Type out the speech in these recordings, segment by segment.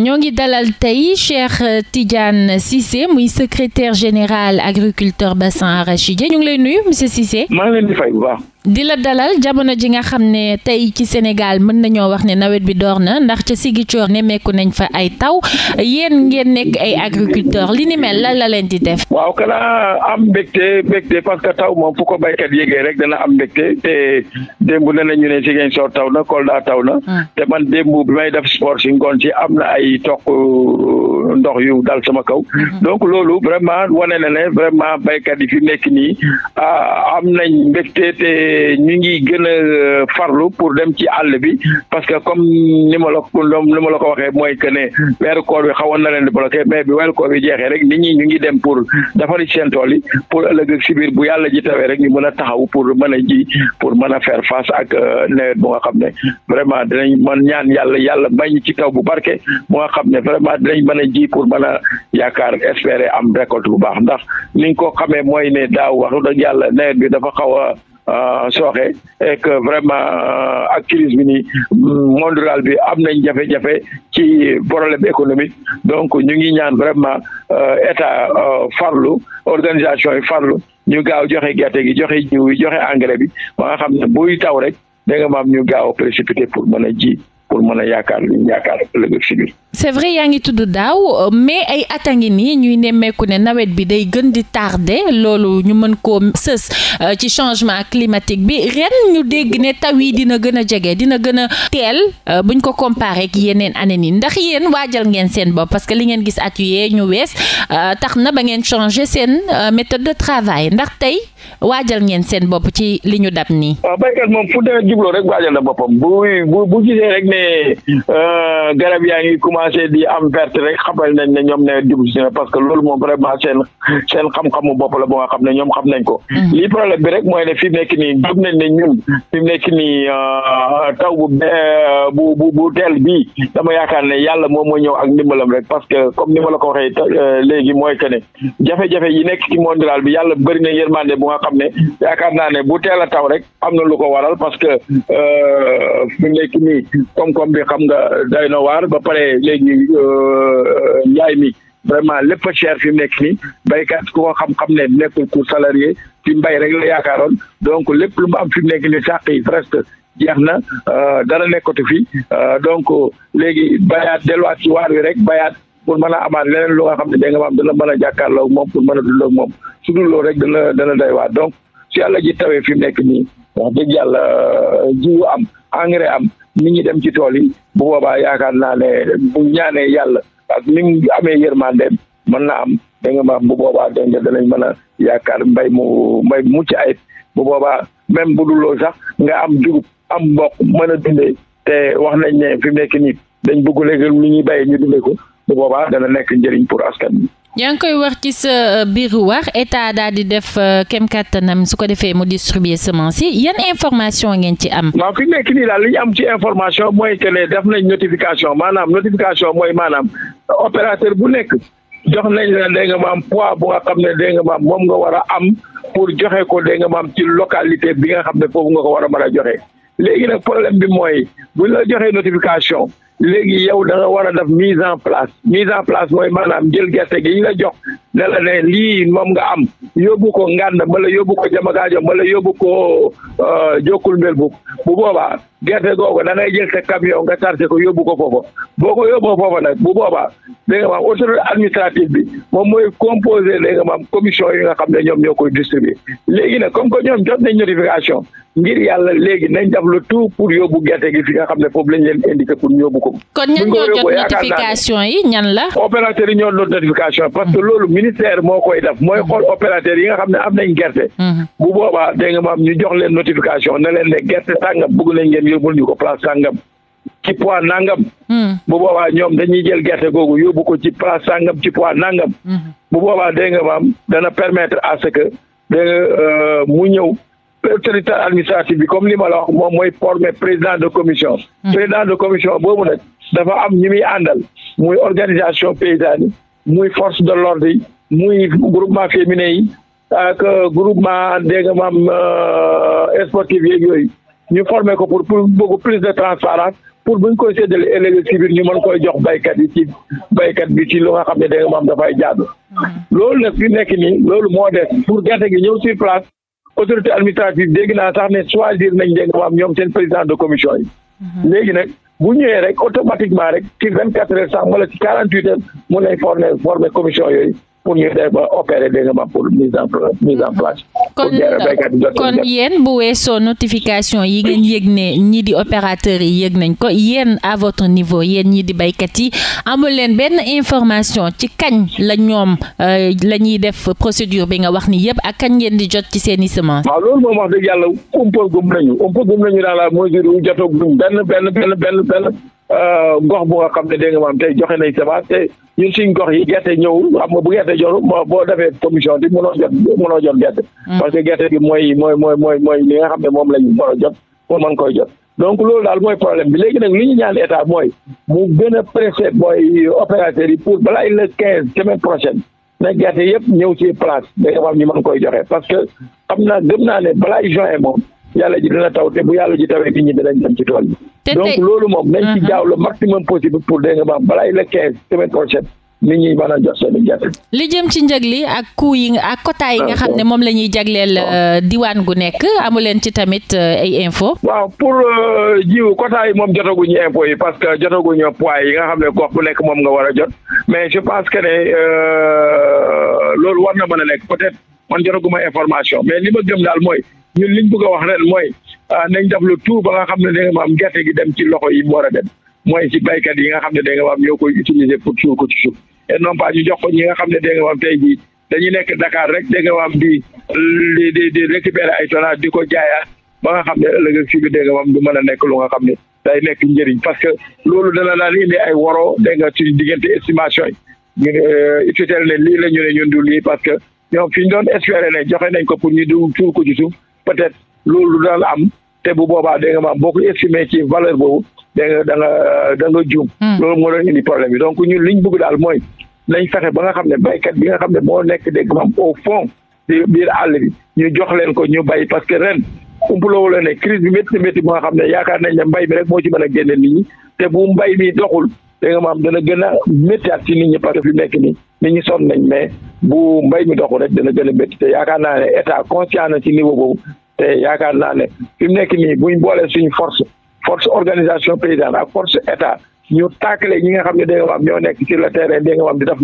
ñoo ngi dalal tey Cheikh Tidiane Cissé muy secretaire général agriculteur bassin arachidier ñu ngi lay nuyu monsieur Cissé. maa ngi leen di fay bu baax. di la dalal jamono ji nga xam ne tey ci Sénégal mën nañoo wax ne nawet bi door na ndax ca ne nemmeeku nañ fa ay taw yéen ngeen nekk ay agriculteur li ni mel la la leen di def. waaw kana am mbégte mbégte parce que taw moom fu ko béykat yégee rek dana am mbégte te démb ne la ñu ne Ziguinchor taw na taw na. Ah. te ay toq euh, ndox yu dal sama kaw mhm. donc loolu vraiment wane na ne vraiment baykat yi fi nekk nii ah, am nañ mbégte te ñu ngi gën a euh, farlu pour dem ci àll bi parce que comme ni ma la ko ni ma la ko waxee mooy que ne weeru koor bi xawoon na leen di bloqué mais bi weeru koor bi jeexee rek nit ñi ñu ngi dem pour defari seen tool yi pour ëllëg ak si biir bu yàlla ji tawee rek ñu mën a taxaw pour mën a ji pour mën a faire face ak euh, nawet bu nga xam ne vraiment dinañ mën ñaan yàlla yàlla bu xam ne vraiment dinañ mën a ji pour mën a yaakaar espérer am récolte bu baax ndax ni ñu ko xamee mooy ne daaw wax dëgg yàlla nawet bi dafa xaw a euh, sooxe et vraiment euh, ak crise bi nii mm, monde rural bi am nañ jafe-jafe ci problème économique donc ñu ngi ñaan vraiment euh, état farlu organisation yi farlu ñu gaaw joxe gerte gi joxe jiw yi joxe engrais bi ba nga xam ne buy taw rek da nga maam ñu gaaw a précipité pour mën a ji pour mën a yaakaar li ñu yaakaar ëllëg si biir. c'est vrai yaa ngi tudd daaw mais ay at a ngi nii ñuy nemmeeku ne nawet bi day gën di tardé loolu ñu mën koo sës euh, ci changement climatique bi ren ñu dégg ne taw yi dina gën a jege dina gën a teel euh, buñ ko comparé yeneen année nii ndax yéen waajal ngeen seen bopp parce que li ngeen gis at yee ñu wees euh, tax na ba ngeen changé seen méthode de travail ndax tey waajal ngeen seen bopp ci li ñu dab nii. waaw ah, béykat moom ne euh, garab yaa ngi commencé di am perte rek xamal nañ ne ñoom nawet jub si na parce que loolu moom vraiment seen seen xam-xamu bopp la ba nga xam ne ñoom xam nañ ko. Mm-hmm. lii problème bi rek mooy ne fi mu nekk nii gëm nañ ne ñun fi mu nekk nii euh, taw bu euh, bu bu bu teel bi dama yaakaar ne yàlla moom moo ñëw ak ndimbalam rek parce que comme ni ma la ko waxee léegi mooy que ne jafe-jafe yi nekk ci mondial bi yàlla bëri na yërmande bu nga xam ne yaakaar naa ne bu teel a taw rek am na lu ko waral parce que koom-koom bi xam nga day na waar ba pare léegi euh, njaay mi vraiment lépp a cher fi mu nekk nii béykat ku ko xam-xam ne nekkul ku salarié ci mbay rek la yaakaaroon donc lépp lu mu am fi mu nekk nii sàq yi presque jeex na euh, dara nekkatu fi euh, donc léegi bayaat delluwaat ci waar wi rek bayaat pour mën a amaat leneen lu nga xam ne da nga maam dana mën a jàkkaarloo moom pour mën a dund ak moom su dul loolu rek dana dana doy waar donc si yàlla ji tawee fi mu nekk nii wax dëgg yàlla euh, jiwu am engrais am nit ñi dem ci tool yi bu boobaa yaakaar naa ne bu ñaanee yàlla ak ni mu amee yërmandeem mën na am da nga ma bu boobaa dégg nga danañ mën a yaakaar mbay mu mbay mucc ayib bu boobaa même bu duloo sax nga am dugub am mboq mën a dundee te wax nañ ne fi mu nekk nii dañ bëgg léegi nu ñuy bayee ñu dundee ko bu boobaa dana nekk njëriñ pour askan bi ñaa ngi koy wax ci sa euh, biir wax état daal di def euh, kem kattanam su ko defee mu distribuer semence yi yan information ngeen ci am. waaw fi nekk nii daal li ñu am ci information mooy que ne def nañ notification maanaam notification mooy maanaam opérateur bu nekk jox nañ la dégg nga maam poids bu nga xam ne dégg nga am moom nga war am pour joxe ko dégg nga am ci localité bi nga xam ne foofu nga ko war a mën a joxe léegi nag problème bi mooy buñ la joxee notification. léegi yow da nga war a def mise en place mise en place mooy maanaam jël gerte gi ñu la jox ne la ne lii moom nga am yóbbu ko ngànd mbala yóbbu ko jamagaajo mbala yóbbu ko euh, jokkul mbel bu bu boobaa gerte googu da ngay jël sa camion nga chargé ko yóbbu ko foofa boo ko yóbboo foofa nag bu boobaa da nga maam autorité administrative bi moom mooy composé da nga maam commission yi nga xam ne ñoom ñoo koy distribuer léegi nag comme que ñoom jot nañ notification ngir yàlla léegi nañ def le tout pour yóbbu gerte gi fi nga xam ne foofu lañ leen indiqué pour yóbbu ko. kon yi ñan ministère moo koy def mooy mhm. xool opérateur yi nga xam ne am nañ gerte. Mhm. bu boobaa dégg nga maam ñu jox leen notification ne leen ne gerte sàngam bëgg nañ ngeen yóbbul ñu ko place sàngam ci poids nangam. Mhm. bu boobaa ñoom dañuy jël gerte googu yóbbu ko ci place ci poids nangam. bu boobaa dégg nga maam dana permetre à que euh, mu ñëw. autorité administrative bi comme li ma la wax moom mooy former président de commission président de commission boobu nag dafa am ñi muy àndal muy organisation paysanne muy force de l'ordre yi muy groupement féminin yi ak groupement dégg nga maam euh, sportif yooyu ñu formé ko pour pour beaucoup plus de transparence pour buñ koy séddale élégi ci biir ñu mën koy jox baykat yi ci baykat bi ci lu xam ne dégg nga maam dafay jaadu hmm. loolu nag fi nekk nii loolu moo des pour gerte gi ñëw sur place autorité administrative dégg naa sax ne choisir nañ dégg nga maam ñoom seen président de commission yi hmm. léegi nag bu ñëwee rek automatiquement rek ci vingt quatre heures sax wala ci quarante huit heures mun former former commission yooyu pour ñu def ba opérer dégg nga ma pour mise en place mm-hmm. kon euh, kon yéen bu weesoo notification yi ngeen yëg ne ñii di opérateurs yi yëg nañ ko yéen à votre niveau yéen ñii di béykat yi amul leen benn information ci kañ la ñoom euh, la ñuy def procédure bi nga wax ni yëpp ak kañ ngeen di jot ci seen i semence. waaw loolu moom wax dëgg yàlla umpa gum nañu umpa gum nañu daal la mesure yu jotagum benn benn benn benn benn. Euh, gox bu nga xam ne dégg nga maam tey joxe nañ semence te ñun suñ gox yi gerte ñëwul xam nga bu gerte joxul boo defee commission bi mënoo jot mënoo jot gerte. Mm. parce que gerte gi mooy mooy mooy mooy mooy li nga xam ne moom lañ mën a jot pour man koy jot. donc loolu daal mooy problème bi léegi nag li ñu ñaan état mooy mu gën a pressé mooy opérateurs yi pour balaa le quinze semaine prochaine na gerte yëpp ñëw ci place dégg nga ñu mën koy joxee parce que am naa gëm naa ne balaa juin moom. yàlla ji dina taw te bu yàlla ji tawee nit ñi dinañ dem ci tool bi donc loolu moom nañ ci uh-huh. gaaw le maximum possible pour dégg nga maam balaay le quinze semaine prochaine nit ñi man a jot seen gerte li jëm ci njëg li ak coût yi ak quota nga xam ne moom la ñuy jagleel ah, ah. Euh, diwaan gu nekk amu leen ci tamit euh, ay info waaw pour euh, jiwu quota yi moom jotaguñu info yi parce que jotaguñu poids yi nga xam ne gox bu nekk moom nga war a jot mais je pense que ne loolu war na mën a nekk peut man jotaguma information mais li ma gëm daal mooy ñun liñ bëgg wax ren mooy ah, nañ def lu tout ba nga xam ne da nga maam gerte gi dem ci loxo yi mu war a dem mooy ci baykat yi nga xam ne da nga maam ñoo koy utiliser pour suur ko ci suuf et jox ko ñi nga xam ne da nga maam tey jii dañu nekk dakaar rek da nga maam di di di récupérer ay tonnage di ko jaayaat ba nga xam ne la ak si bi da nga maam du mën a nekk lu nga xam ne day nekk njëriñ parce que loolu dana daan indi ay waroo da nga ci diggante estimation yi ñu euh, utiliser ne lii la ñu ne ñun du lii parce que ñoom fi ñu doon espérer ne joxe nañ ko pour ñu du suur peut-être loolu dana am te bu boobaa da nga maam boo ko estimé ci valeur boobu da nga da nga nga juum. Hmm. loolu moo doon indi problème bi donc ñun liñ bëgg daal mooy nañ fexe ba nga xam ne baykat bi nga xam ne moo nekk dégg maam au fond di biir àll bi ñu jox leen ko ñu bay parce que ren umpuloo la ne crise bi métti métti bi nga xam ne yaakaar nañ ne mbay bi rek moo ci mën a génne nit ñi te bu mbay mi doxul da nga maam dana gën a méttiwaat ci nit ñi parce que fi nekk nii. nit ñi sonn nañ mais bu mbay mi doxul rek dana gën a métti te yaakaar naa ne état conscient na ci niveau boobu te yaakaar naa ne fi mu nekk nii buñ boolee suñu force force organisation paysanne ak force état ñu tàkkale ñi nga xam ne da nga am ñoo nekk ci le terrain da nga am di def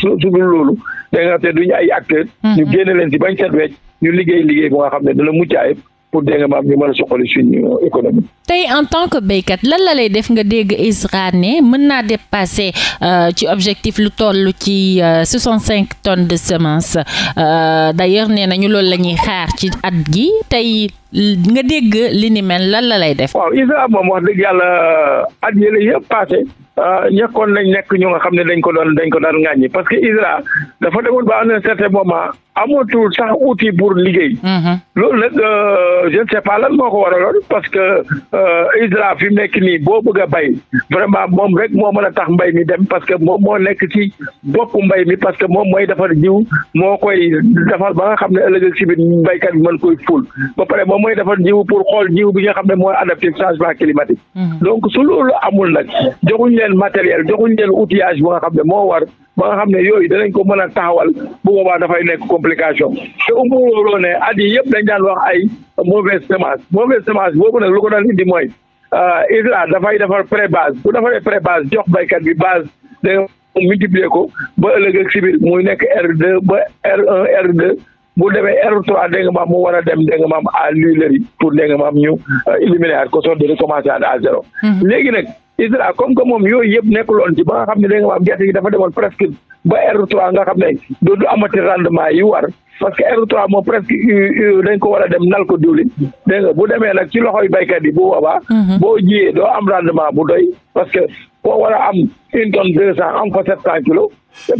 suñu loolu da nga xam te duñu ay acteurs. Mm-hmm. ñu génne leen si bañ set wecc ñu liggéey liggéey bu nga xam ne dana mucc ayib pour dégg maam ñu mën a suqali suñu économie. tey en tant que béykat lan la lay def nga dégg ISRA ne mën naa dépasser euh, ci objectif lu toll ci euh, soixante cinq tonnes de semence euh, d'ailleurs nee nañu lool la ñuy xaar ci at gi tey nga dégg li ni mel lan la lay def. waaw ISRA moom wax dëgg yàlla at yële yëpp passé ñekkoon nañ nekk ñu nga xam ne dañ ko doon dañ ko daan parce que ISRA dafa demoon ba à un certain moment. amatul sax outil pour liggéey. Mhm. loolu lépp euh, je ne sais pas lan moo ko waraloon parce que euh, ISRA fi mu nekk nii boo bëgg a bay vraiment moom rek moo mën a tax mbay mi dem parce que moom moo nekk ci bopp mbay mi parce que moom mooy defar jiw moo koy defar ba nga xam ne ëllëg si biir mbaykat bi mën koy ful ba pare moom mooy defar jiw pour xool jiw bi nga xam ne mooy adapté changement climatique. Mhm. donc su loolu amul nag joxuñ leen matériel joxuñ leen outillage ba nga xam ne moo a complication te umb looloo ne at dañ daan wax ay mauvaise semence mauvaise semence boobu nag lu ko doon indi mooy euh, ISRA dafay defar pré base bu defaree pré base jox baykat bi base da multiplier ko ba ëllëg ak si biir muy nekk R2 ba R1 R2 bu demee R3 dégg nga maam mu war a dem dégg nga a lu l'huilerie pour dégg nga maam ñu euh, éliminer ko soo de recommencer a zéro mm-hmm. léegi nag ISRA comme que moom yooyu yëpp nekkuloon ci ba nga xam ne da nga maam gerte gi dafa demoon presque ba R3 nga xam ne dootu amati rendement yi war parce que R3 moom presque euh, euh, dañ ko war a dem nal ko diwlin dégg nga bu demee nag ci loxoy baykat yi bu boobaa. Mhm. boo jiyee doo am rendement bu doy parce que koo war a am une tonne deux cent am fa sept cent kilos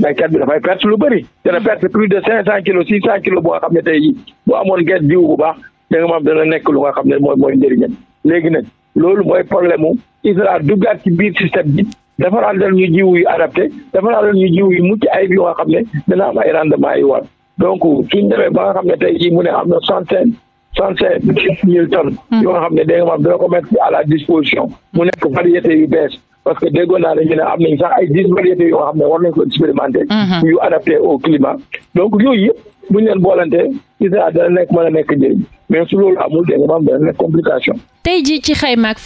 baykat bi dafay perte lu bëri dana mhm. perte plus de cinq cent kilo six cent kilos xam ne tey jii bu amoon gerte jiw baax da nga maam nekk lu nga xam ne mooy mooy njëriñam léegi nag. loolu mooy problème mu ISRA duggaat ci biir système bi defaraat leen ñu jiw yu adapté defaraat leen ñu jiw yu mucc ay yu nga xam ne dina am ay rendement yu war donc suñ demee ba nga xam ne tey jii mu ne am na cent cinq cent cinq mille tonnes hmm. yu nga xam ne da nga maam dina ko mettre à la disposition mu nekk variété yu bees parce que déggoon naa dañu ne am nañ sax ay dix variétés yoo xam ne war nañ ko expérimenter. Hmm. yu adapté au climat donc yooyu yëpp bu ñu leen boolantee ci saa dana nekk mën a nekk njëriñ mais su loolu amul dégg nga maam dana nekk complication. tey jii ci xayma ak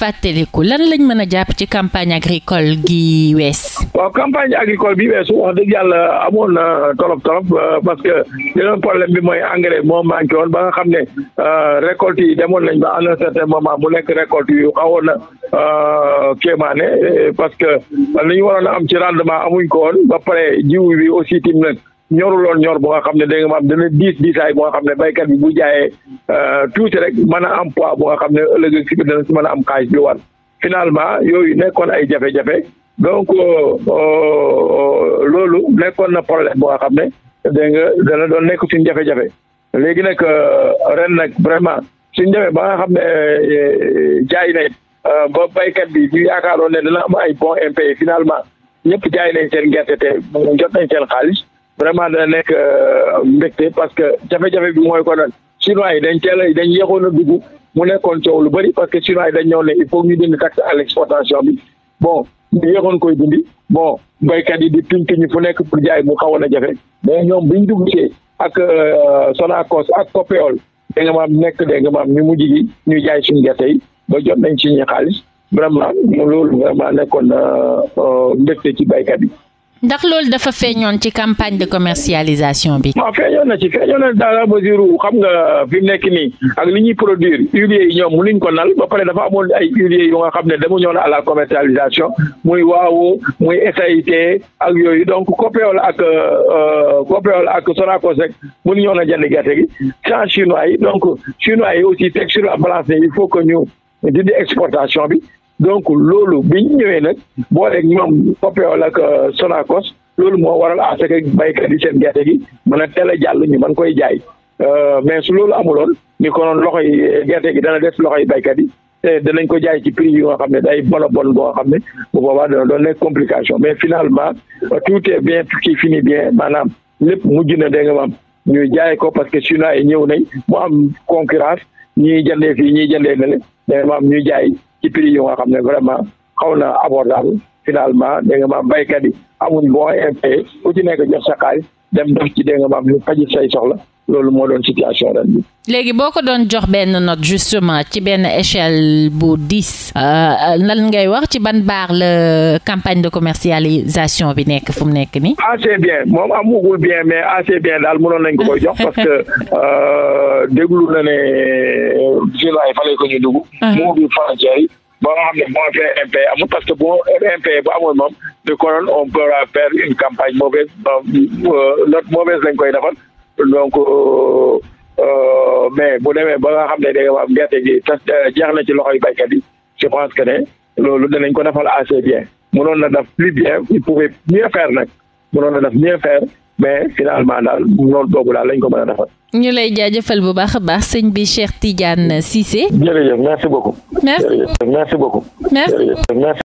ko lan lañ mën a jàpp ci campagne agricole gi wees. waaw campagne agricole bi weesu wax dëgg yàlla amoon na torop torop euh, parce que yeneen problème bi mooy engrais moom manqué woon ba nga xam ne euh, récolte yi demoon lañ ba à un certain moment mu nekk récolte yu xawoon na euh, kéemaane parce que li ñu waroon am ci rendement amuñ ko ba pare jiw aussi tim nag. ñoruloon ñor bu nga xam ne danga maam dana diis diisaay bu nga xam ne béykat bi bu jaayee euh, tuuti rek mën a am poids bu nga xam ne ëllëg ak si dana si mën a am xaalis bi wan finalement yooyu nekkoon ay jafe-jafe donc euh, euh, loolu nekkoon na problème bu nga xam ne dégg nga dana doon nekk suñu jafe-jafe léegi nag ren nag vraiment suñu demee ba nga xam ne jaay nañ ba baykat bi ñu yaakaaroon ne dana am ay bon impayé finalement ñëpp jaay nañ seen gerte te jot nañ seen xaalis vraiment dana nekk euh, mbégte parce que jafe-jafe bi mooy ko doon yi dañ teel a dañ yéexoon a dugg mu nekkoon coow lu bari parce que chinois yi dañ ñëw ne il faut ñu dindi taxe à l' exportation bi bon ñu yéexoon koy dindi bon baykat yi di tuñ tuñ fu nekk pour jaay mu xawoon a jafe mais ñoom bi ñu dugg see ak euh, Sonacos ak Copéol da nga maam nekk de nga maam ñu mujj gi ñuy jaay suñ gerte yi ba jot nañ ci ñu xaalis vraiment loolu vraiment nekkoon euh, mbégte ci béykat yi. ndax loolu dafa feeñoon ci campagne de commercialisation bi. waaw feeñoon na ci feeñoon na dans la mesure xam nga fi mu nekk nii ak li ñuy produire huiliers yi ñoom mënuñ ko nal ba pare dafa amoon ay huiliers yu nga xam ne dama ñëwoon à la commercialisation muy waaw muy SAIT ak yooyu donc COPEOL ak euh, euh, COPEOL ak Sonacos rek mënuñoo na jënd gerte gi sans chinois yi donc chinois yi aussi teg sur la balance ne il faut que ñu dindi exportation bi. donc loolu bi ñu ñëwee nag boo rek ñu ñoom Copéol ak euh, Sonacos loolu moo waral à ce que baykat yi seen gerte gi mën a teel a jàll ñu man koy jaay euh, mais su loolu amuloon ni ko noon yi euh, gerte gi dana des loxoy baykat yi te danañ ko jaay ci prix yu nga xam ne day bon bon boo xam ne bu boobaa dana doon nekk complication mais finalement tout est bien qui finit bien maanaam lépp mujj na dégg nga maam ñuy jaay ko parce que chinois yi ñëw nañ mu am concurrence ñii jëndee fii ñii jëndee na le ñuy jaay ci prix yi xam ne vraiment xaw na abordable finalement dégg nga maam béykat yi amuñ boo effet ku ci nekk jot sa xaalis dem def ci dégg nga maam ñu faji say soxla loolu moo doon situation ren bi. léegi boo ko doon jox benn note justement ci benn échelle bu dix. Euh, lan ngay wax ci ban baar la campagne de commercialisation bi nekk fu mu nekk nii. assez bien moom amugul bien mais assez bien daal mënoon nañ ko koy jox parce que euh, déglu na ne Sénégal yi fa lay ko ñu dugg. Ah. moo bi frontière yi. ba nga xam ne moo fee MP amul parce que boo MP bu amul moom de konoon on pourra faire une campagne mauvaise euh, note mauvaise lañ koy defal. donc euh, euh, mais bu demee ba nga xam ne da nga gerte gi tas euh, jeex na ci loxoy baykat yi je pense que ne loolu danañ ko defal assez bien mënoon na def plus bien il pouvait mieux faire nag mënoon na def mieux faire mais finalement daal noonu boobu daal lañ ko mën a defal. ñu lay jaajëfal bu baax a baax sëñ bi Cheikh Tidiane Cissé. jërëjëf merci beaucoup. merci jërëjëf merci beaucoup. merci.